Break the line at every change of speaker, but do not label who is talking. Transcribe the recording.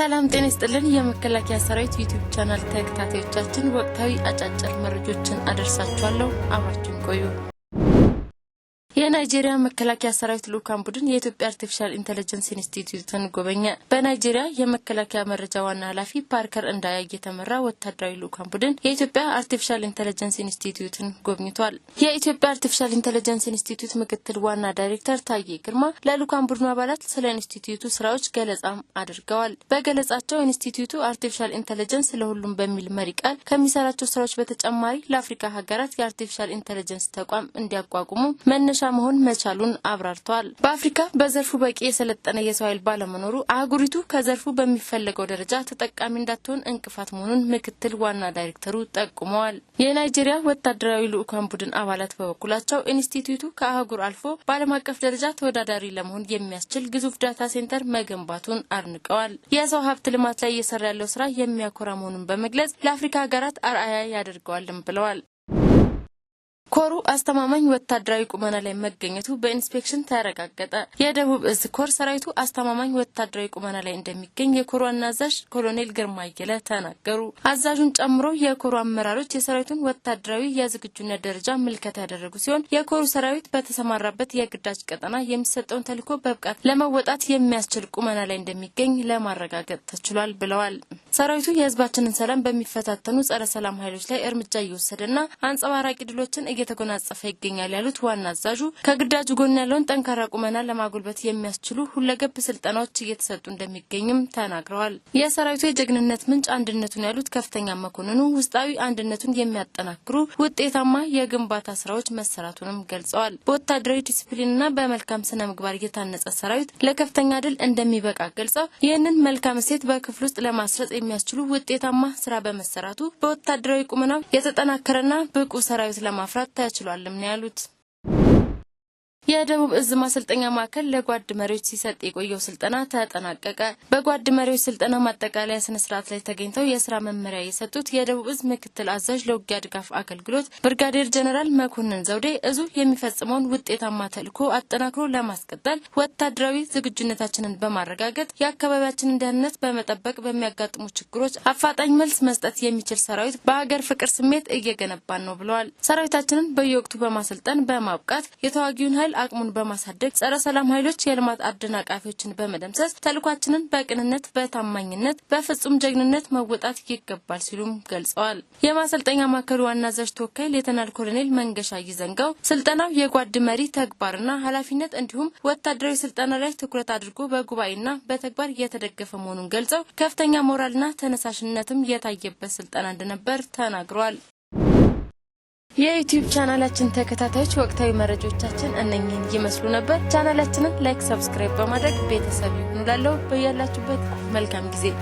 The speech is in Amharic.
ሰላም ጤና ይስጥልን። የመከላከያ ሰራዊት ዩቲዩብ ቻናል ተከታታዮቻችን ወቅታዊ አጫጭር መረጃዎችን አደርሳችኋለሁ። አብራችን ቆዩ። የናይጄሪያ መከላከያ ሰራዊት ልኡካን ቡድን የኢትዮጵያ አርቲፊሻል ኢንቴሊጀንስ ኢንስቲትዩትን ጎበኘ። በናይጄሪያ የመከላከያ መረጃ ዋና ኃላፊ ፓርከር እንዳያ የተመራ ወታደራዊ ልኡካን ቡድን የኢትዮጵያ አርቲፊሻል ኢንቴሊጀንስ ኢንስቲትዩትን ጎብኝቷል። የኢትዮጵያ አርቲፊሻል ኢንቴሊጀንስ ኢንስቲትዩት ምክትል ዋና ዳይሬክተር ታዬ ግርማ ለልኡካን ቡድኑ አባላት ስለ ኢንስቲትዩቱ ስራዎች ገለጻም አድርገዋል። በገለጻቸው ኢንስቲትዩቱ አርቲፊሻል ኢንቴሊጀንስ ለሁሉም በሚል መሪ ቃል ከሚሰራቸው ስራዎች በተጨማሪ ለአፍሪካ ሀገራት የአርቲፊሻል ኢንቴሊጀንስ ተቋም እንዲያቋቁሙ መነሻ መሆን መሆን መቻሉን አብራርተዋል። በአፍሪካ በዘርፉ በቂ የሰለጠነ የሰው ኃይል ባለመኖሩ አህጉሪቱ ከዘርፉ በሚፈለገው ደረጃ ተጠቃሚ እንዳትሆን እንቅፋት መሆኑን ምክትል ዋና ዳይሬክተሩ ጠቁመዋል። የናይጄሪያ ወታደራዊ ልዑካን ቡድን አባላት በበኩላቸው ኢንስቲትዩቱ ከአህጉር አልፎ በዓለም አቀፍ ደረጃ ተወዳዳሪ ለመሆን የሚያስችል ግዙፍ ዳታ ሴንተር መገንባቱን አድንቀዋል። የሰው ሀብት ልማት ላይ እየሰራ ያለው ስራ የሚያኮራ መሆኑን በመግለጽ ለአፍሪካ ሀገራት አርአያ ያደርገዋልን ብለዋል። ኮሩ አስተማማኝ ወታደራዊ ቁመና ላይ መገኘቱ በኢንስፔክሽን ተረጋገጠ። የደቡብ እዝ ኮር ሰራዊቱ አስተማማኝ ወታደራዊ ቁመና ላይ እንደሚገኝ የኮሩ ዋና አዛዥ ኮሎኔል ግርማ አየለ ተናገሩ። አዛዡን ጨምሮ የኮሩ አመራሮች የሰራዊቱን ወታደራዊ የዝግጁነት ደረጃ ምልከታ ያደረጉ ሲሆን የኮሩ ሰራዊት በተሰማራበት የግዳጅ ቀጠና የሚሰጠውን ተልዕኮ በብቃት ለመወጣት የሚያስችል ቁመና ላይ እንደሚገኝ ለማረጋገጥ ተችሏል ብለዋል። ሰራዊቱ የህዝባችንን ሰላም በሚፈታተኑ ጸረ ሰላም ኃይሎች ላይ እርምጃ እየወሰደና አንጸባራቂ ድሎችን እየተጎናጸፈ ይገኛል ያሉት ዋና አዛዡ ከግዳጁ ጎን ያለውን ጠንካራ ቁመና ለማጎልበት የሚያስችሉ ሁለገብ ስልጠናዎች እየተሰጡ እንደሚገኝም ተናግረዋል። የሰራዊቱ የጀግንነት ምንጭ አንድነቱን ያሉት ከፍተኛ መኮንኑ ውስጣዊ አንድነቱን የሚያጠናክሩ ውጤታማ የግንባታ ስራዎች መሰራቱንም ገልጸዋል። በወታደራዊ ዲስፕሊንና በመልካም ስነ ምግባር የታነጸ ሰራዊት ለከፍተኛ ድል እንደሚበቃ ገልጸው ይህንን መልካም እሴት በክፍል ውስጥ ለማስረጽ የሚያስችሉ ውጤታማ ስራ በመሰራቱ በወታደራዊ ቁመናው የተጠናከረና ብቁ ሰራዊት ለማፍራት ተችሏልም ነው ያሉት። የደቡብ እዝ ማሰልጠኛ ማዕከል ለጓድ መሪዎች ሲሰጥ የቆየው ስልጠና ተጠናቀቀ። በጓድ መሪዎች ስልጠና ማጠቃለያ ስነ ስርዓት ላይ ተገኝተው የስራ መመሪያ የሰጡት የደቡብ እዝ ምክትል አዛዥ ለውጊያ ድጋፍ አገልግሎት ብርጋዴር ጀነራል መኮንን ዘውዴ እዙ የሚፈጽመውን ውጤታማ ተልዕኮ አጠናክሮ ለማስቀጠል ወታደራዊ ዝግጁነታችንን በማረጋገጥ የአካባቢያችንን ደህንነት በመጠበቅ በሚያጋጥሙ ችግሮች አፋጣኝ መልስ መስጠት የሚችል ሰራዊት በሀገር ፍቅር ስሜት እየገነባን ነው ብለዋል። ሰራዊታችንን በየወቅቱ በማሰልጠን በማብቃት የተዋጊውን ኃይል አቅሙን በማሳደግ ጸረ ሰላም ኃይሎች የልማት አደናቃፊዎችን በመደምሰስ ተልኳችንን በቅንነት፣ በታማኝነት፣ በፍጹም ጀግንነት መወጣት ይገባል ሲሉም ገልጸዋል። የማሰልጠኛ ማዕከሉ ዋና አዛዥ ተወካይ ሌተናል ኮሎኔል መንገሻ ይዘንጋው ስልጠናው የጓድ መሪ ተግባርና ኃላፊነት እንዲሁም ወታደራዊ ስልጠና ላይ ትኩረት አድርጎ በጉባኤና በተግባር እየተደገፈ መሆኑን ገልጸው ከፍተኛ ሞራልና ተነሳሽነትም የታየበት ስልጠና እንደነበር ተናግሯል። የዩቲዩብ ቻናላችን ተከታታዮች ወቅታዊ መረጃዎቻችን እነኝህን ይመስሉ ነበር። ቻናላችንን ላይክ፣ ሰብስክራይብ በማድረግ ቤተሰብ ይሁኑ። ላለው በያላችሁበት መልካም ጊዜ